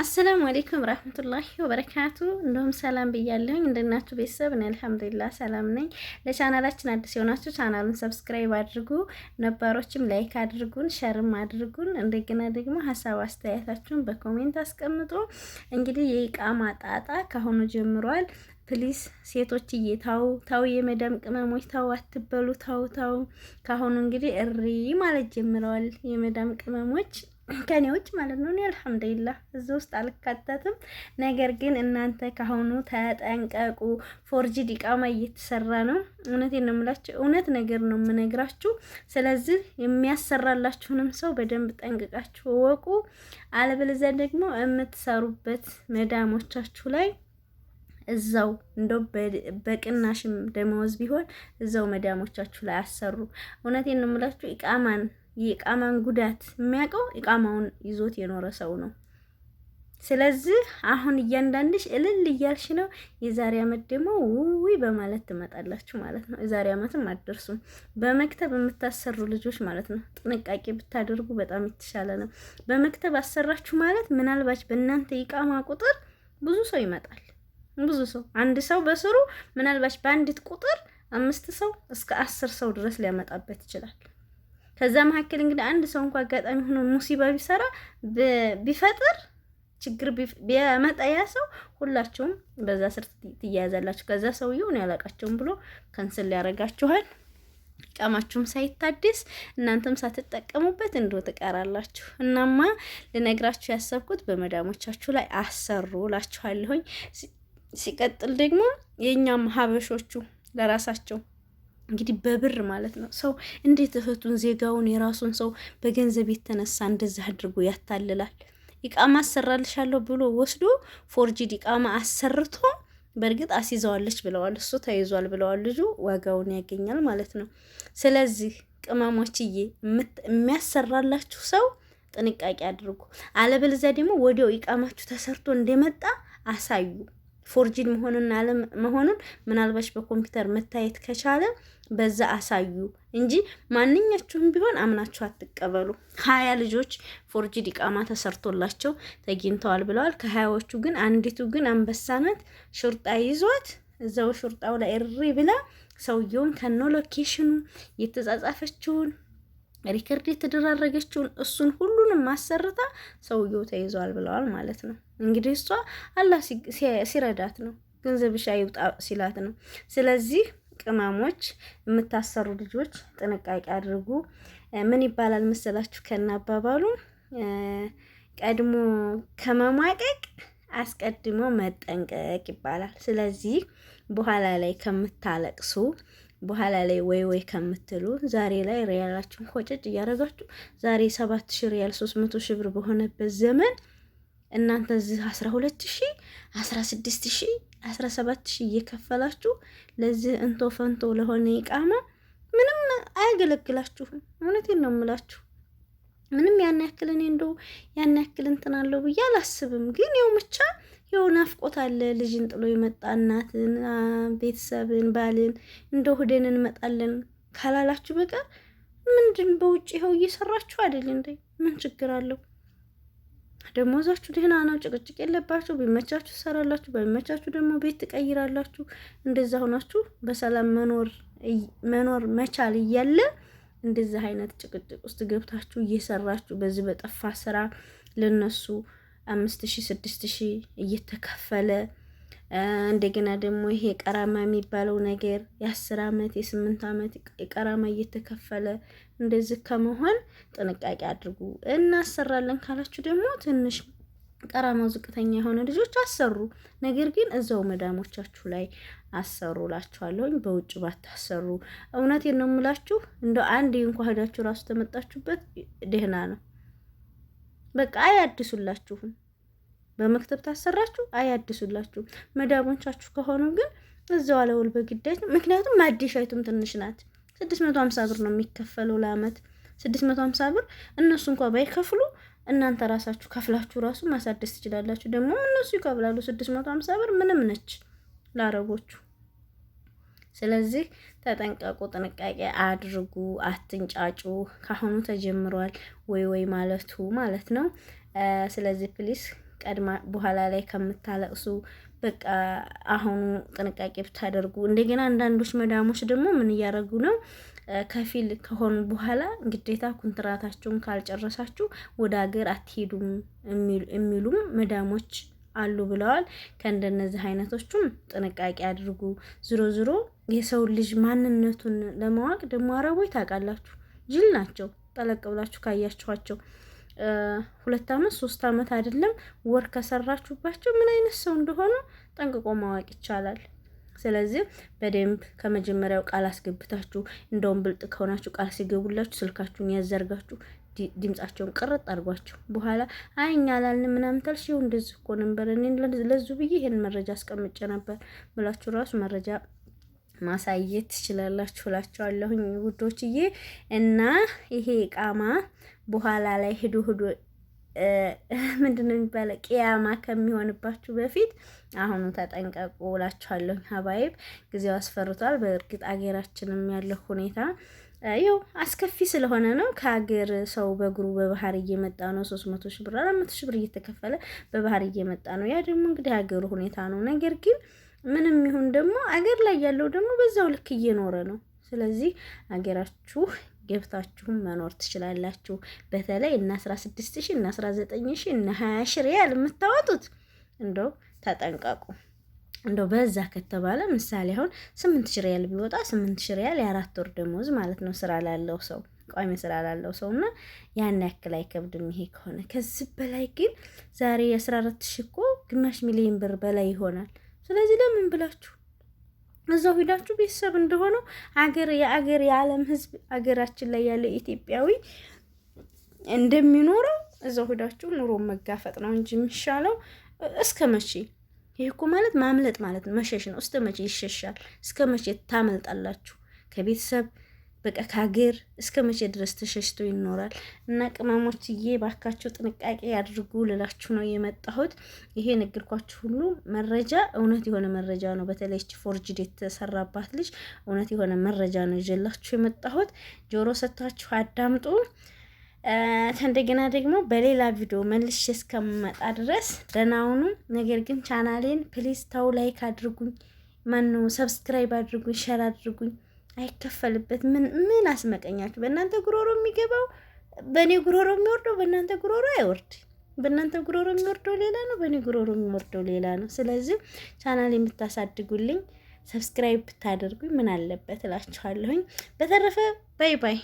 አሰላሙ አሌይኩም ረህመቱላሂ ወበረካቱ። እንደውም ሰላም ብያለሁኝ። እንደናችሁ ቤተሰብ እኔ አልሐምዱሊላህ ሰላም ነኝ። ለቻናላችን አዲስ የሆናችሁ ቻናሉን ሰብስክራይብ አድርጉ፣ ነባሮችም ላይክ አድርጉን፣ ሸርም አድርጉን። እንደገና ደግሞ ሀሳብ አስተያየታችሁን በኮሜንት አስቀምጡ። እንግዲህ የኢቃማ ጣጣ ከአሁኑ ጀምሯል። ፕሊስ ሴቶችዬ ታው ታው፣ የመዳም ቅመሞች ታው አትበሉ፣ ታው ታው። ከአሁኑ እንግዲህ እሪ ማለት ጀምረዋል የመዳም ቅመሞች ከኔ ውጭ ማለት ነው። እኔ አልሐምዱሊላህ እዚህ ውስጥ አልካተትም። ነገር ግን እናንተ ካሁኑ ተጠንቀቁ። ፎርጅድ ኢቃማ እየተሰራ ነው። እውነቴን ነው የምላችሁ፣ እውነት ነገር ነው የምነግራችሁ። ስለዚህ የሚያሰራላችሁንም ሰው በደንብ ጠንቅቃችሁ እወቁ። አለበለዚያ ደግሞ የምትሰሩበት መዳሞቻችሁ ላይ እዛው እንደው በቅናሽም ደመወዝ ቢሆን እዛው መዳሞቻችሁ ላይ አሰሩ። እውነቴን ነው የምላችሁ ኢቃማን የኢቃማን ጉዳት የሚያውቀው ኢቃማውን ይዞት የኖረ ሰው ነው። ስለዚህ አሁን እያንዳንድሽ እልል እያልሽ ነው። የዛሬ አመት ደግሞ ውይ በማለት ትመጣላችሁ ማለት ነው። የዛሬ አመትም አደርሱም በመክተብ የምታሰሩ ልጆች ማለት ነው ጥንቃቄ ብታደርጉ በጣም የተሻለ ነው። በመክተብ አሰራችሁ ማለት ምናልባች በእናንተ የቃማ ቁጥር ብዙ ሰው ይመጣል። ብዙ ሰው አንድ ሰው በስሩ ምናልባች በአንዲት ቁጥር አምስት ሰው እስከ አስር ሰው ድረስ ሊያመጣበት ይችላል። ከዛ መካከል እንግዲህ አንድ ሰው እንኳ አጋጣሚ ሆኖ ሙሲባ ቢሰራ ቢፈጥር ችግር ቢያመጣ ያ ሰው ሁላችሁም በዛ ስር ትያያዛላችሁ። ከዛ ሰውዬው ነው ያላቃቸውም ብሎ ከንስል ያደርጋችኋል። ቀማችሁም ሳይታደስ እናንተም ሳትጠቀሙበት እንዶ ትቀራላችሁ። እናማ ልነግራችሁ ያሰብኩት በመዳሞቻችሁ ላይ አሰሩ ላችኋለሁኝ። ሲቀጥል ደግሞ የእኛም ሀበሾቹ ለራሳቸው እንግዲህ በብር ማለት ነው። ሰው እንዴት እህቱን ዜጋውን የራሱን ሰው በገንዘብ የተነሳ እንደዚህ አድርጎ ያታልላል? ኢቃማ አሰራልሻለሁ ብሎ ወስዶ ፎርጂድ ኢቃማ አሰርቶ በእርግጥ አስይዘዋለች ብለዋል፣ እሱ ተይዟል ብለዋል። ልጁ ዋጋውን ያገኛል ማለት ነው። ስለዚህ ቅመሞችዬ የሚያሰራላችሁ ሰው ጥንቃቄ አድርጉ። አለበለዚያ ደግሞ ወዲያው ኢቃማችሁ ተሰርቶ እንደመጣ አሳዩ። ፎርጂን መሆኑን አለም መሆኑን ምናልባሽ በኮምፒውተር መታየት ከቻለ በዛ አሳዩ እንጂ ማንኛችሁም ቢሆን አምናችሁ አትቀበሉ። ሀያ ልጆች ፎርጂድ ኢቃማ ተሰርቶላቸው ተገኝተዋል ብለዋል። ከሀያዎቹ ግን አንዲቱ ግን አንበሳነት ሹርጣ ይዟት እዛው ሹርጣው ላይ እሪ ብላ ሰውየውን ከኖ ሎኬሽኑ የተጻጻፈችውን ሪከርድ የተደራረገችውን እሱን ሁሉንም ማሰርታ ሰውየው ተይዟል ብለዋል ማለት ነው። እንግዲህ እሷ አላህ ሲረዳት ነው፣ ገንዘብሽ ይውጣ ሲላት ነው። ስለዚህ ቅመሞች የምታሰሩ ልጆች ጥንቃቄ አድርጉ። ምን ይባላል መሰላችሁ? ከናባባሉ ቀድሞ ከመሟቀቅ አስቀድሞ መጠንቀቅ ይባላል። ስለዚህ በኋላ ላይ ከምታለቅሱ በኋላ ላይ ወይ ወይ ከምትሉ ዛሬ ላይ ሪያላችሁን ቆጨጭ እያደረጋችሁ ዛሬ ሰባት ሺ ሪያል ሶስት መቶ ሺ ብር በሆነበት ዘመን እናንተ እዚህ አስራ ሁለት ሺ አስራ ስድስት ሺ አስራ ሰባት ሺ እየከፈላችሁ ለዚህ እንቶ ፈንቶ ለሆነ ይቃማ ምንም አያገለግላችሁም። እውነቴን ነው የምላችሁ። ምንም ያን ያክል እኔ እንደው ያን ያክል እንትን አለው ብዬ አላስብም። ግን ያው ብቻ ያው ናፍቆት አለ። ልጅን ጥሎ የመጣ እናትን፣ ቤተሰብን፣ ባልን እንደ ሁደን እንመጣለን ካላላችሁ በቀር ምንድን በውጭ ይኸው እየሰራችሁ አይደል እንዴ? ምን ችግር አለው? ደሞዛችሁ ደህና ነው፣ ጭቅጭቅ የለባችሁ። ቢመቻችሁ ትሰራላችሁ፣ ባይመቻችሁ ደግሞ ቤት ትቀይራላችሁ። እንደዛ ሆናችሁ በሰላም መኖር መኖር መቻል እያለ እንደዚህ አይነት ጭቅጭቅ ውስጥ ገብታችሁ እየሰራችሁ በዚህ በጠፋ ስራ ለነሱ አምስት ሺ ስድስት ሺ እየተከፈለ እንደገና ደግሞ ይሄ ቀራማ የሚባለው ነገር የአስር አመት የስምንት አመት ቀራማ እየተከፈለ እንደዚህ ከመሆን ጥንቃቄ አድርጉ። እናሰራለን ካላችሁ ደግሞ ትንሽ ቀራማው ዝቅተኛ የሆነ ልጆች አሰሩ። ነገር ግን እዛው መዳሞቻችሁ ላይ አሰሩ ላችኋለሁኝ። በውጭ ባታሰሩ እውነቴን ነው የምላችሁ። እንደው አንድ እንኳ ሄዳችሁ ራሱ ተመጣችሁበት ደህና ነው። በቃ አያድሱላችሁም። በመክተብ ታሰራችሁ አያድሱላችሁ መዳቦቻችሁ ከሆኑ ግን እዛው አለውል በግዳጅ ምክንያቱም ማዲሻይቱም ትንሽ ናት። ሀምሳ ብር ነው የሚከፈለው ለአመት ሀምሳ ብር። እነሱ እንኳ ባይከፍሉ እናንተ ራሳችሁ ከፍላችሁ ራሱ ማሳደስ ትችላላችሁ። ደግሞ እነሱ ይከፍላሉ። ሀምሳ ብር ምንም ነች ለአረቦቹ። ስለዚህ ተጠንቀቁ፣ ጥንቃቄ አድርጉ፣ አትንጫጩ። ካሁኑ ተጀምሯል ወይ ወይ ማለቱ ማለት ነው። ስለዚህ ፕሊስ ቀድማ በኋላ ላይ ከምታለቅሱ በቃ አሁኑ ጥንቃቄ ብታደርጉ። እንደገና አንዳንዶች መዳሞች ደግሞ ምን እያደረጉ ነው? ከፊል ከሆኑ በኋላ ግዴታ ኩንትራታቸውን ካልጨረሳችሁ ወደ ሀገር አትሄዱም የሚሉም መዳሞች አሉ ብለዋል። ከእንደነዚህ አይነቶቹም ጥንቃቄ አድርጉ። ዝሮ ዝሮ የሰው ልጅ ማንነቱን ለማወቅ ደግሞ አረቦች ታውቃላችሁ፣ ጅል ናቸው። ጠለቅ ብላችሁ ካያችኋቸው ሁለት አመት ሶስት አመት አይደለም ወር ከሰራችሁባቸው ምን አይነት ሰው እንደሆኑ ጠንቅቆ ማወቅ ይቻላል። ስለዚህ በደንብ ከመጀመሪያው ቃል አስገብታችሁ እንደውም ብልጥ ከሆናችሁ ቃል ሲገቡላችሁ ስልካችሁን ያዘርጋችሁ ድምጻቸውን ቅርጥ አድርጓቸው። በኋላ አይ እኛ አላልን ምናምን ታልሽ እንደዚህ እኮ ነበር እኔ ለዙ ብዬ ይሄን መረጃ አስቀምጬ ነበር ብላችሁ ራሱ መረጃ ማሳየት ትችላላችሁ እላችኋለሁኝ ውዶችዬ። እና ይሄ ቃማ በኋላ ላይ ሂዶ ሂዶ ምንድን ነው የሚባለው ቅያማ ከሚሆንባችሁ በፊት አሁኑ ተጠንቀቁ እላችኋለሁኝ። ሀባይብ ጊዜው አስፈርቷል። በእርግጥ አገራችንም ያለው ሁኔታ ያው አስከፊ ስለሆነ ነው። ከሀገር ሰው በእግሩ በባህር እየመጣ ነው። ሶስት መቶ ሺህ ብር አራት መቶ ሺህ ብር እየተከፈለ በባህር እየመጣ ነው። ያ ደግሞ እንግዲህ ሀገሩ ሁኔታ ነው። ነገር ግን ምንም ይሁን ደግሞ አገር ላይ ያለው ደግሞ በዛው ልክ እየኖረ ነው። ስለዚህ አገራችሁ ገብታችሁ መኖር ትችላላችሁ። በተለይ እነ 16 ሺ እነ 19 ሺ እነ 20 ሺ ሪያል የምታወጡት እንደው ተጠንቀቁ። እንደው በዛ ከተባለ ምሳሌ አሁን 8 ሺ ሪያል ቢወጣ 8 ሺ ሪያል የአራት ወር ደሞዝ ማለት ነው ስራ ላለው ሰው ቋሚ ስራ ላለው ሰው እና ያን ያክል አይከብድም። ይሄ ከሆነ ከዚህ በላይ ግን ዛሬ የ14 ሺ እኮ ግማሽ ሚሊዮን ብር በላይ ይሆናል። ስለዚህ ለምን ብላችሁ እዛው ሂዳችሁ ቤተሰብ እንደሆነው አገር የአገር የዓለም ህዝብ አገራችን ላይ ያለ ኢትዮጵያዊ እንደሚኖረው እዛው ሂዳችሁ ኑሮ መጋፈጥ ነው እንጂ የሚሻለው። እስከ መቼ ይህ እኮ ማለት ማምለጥ ማለት ነው፣ መሸሽ ነው። እስከ መቼ ይሸሻል? እስከ መቼ ታመልጣላችሁ ከቤተሰብ በቃ ከሀገር እስከ መቼ ድረስ ተሸሽቶ ይኖራል? እና ቅመሞችዬ ባካችሁ ጥንቃቄ አድርጉ ልላችሁ ነው የመጣሁት። ይሄ ነገርኳችሁ ሁሉ መረጃ እውነት የሆነ መረጃ ነው። በተለይ ፎርጅድ የተሰራባት ልጅ እውነት የሆነ መረጃ ነው ይዤላችሁ የመጣሁት። ጆሮ ሰጥታችሁ አዳምጡ። እንደገና ደግሞ በሌላ ቪዲዮ መልሼ እስከምመጣ ድረስ ደህና ሁኑ። ነገር ግን ቻናሌን ፕሊዝ ተው ላይክ አድርጉኝ፣ ማነው ሰብስክራይብ አድርጉኝ፣ ሸር አድርጉኝ። አይከፈልበት። ምን ምን አስመቀኛችሁ? በእናንተ ጉሮሮ የሚገባው በእኔ ጉሮሮ የሚወርደው በእናንተ ጉሮሮ አይወርድ። በእናንተ ጉሮሮ የሚወርደው ሌላ ነው፣ በእኔ ጉሮሮ የሚወርደው ሌላ ነው። ስለዚህ ቻናል የምታሳድጉልኝ ሰብስክራይብ ብታደርጉኝ ምን አለበት እላችኋለሁኝ። በተረፈ ባይ ባይ።